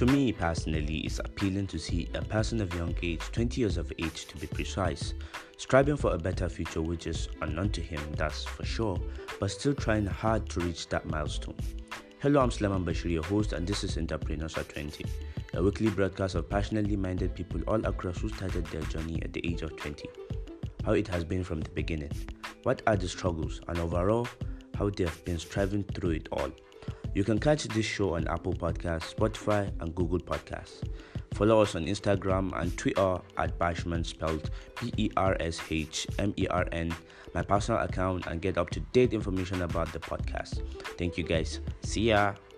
To me personally, it's appealing to see a person of young age, 20 years of age to be precise, striving for a better future which is unknown to him, that's for sure, but still trying hard to reach that milestone. Hello, I'm Sleman Bashir, your host, and this is Entrepreneurs at 20, a weekly broadcast of passionately minded people all across who started their journey at the age of 20. How it has been from the beginning, what are the struggles, and overall, how they have been striving through it all. You can catch this show on Apple Podcasts, Spotify, and Google Podcasts. Follow us on Instagram and Twitter at Bashman, spelled B E R S H M E R N, my personal account, and get up to date information about the podcast. Thank you guys. See ya.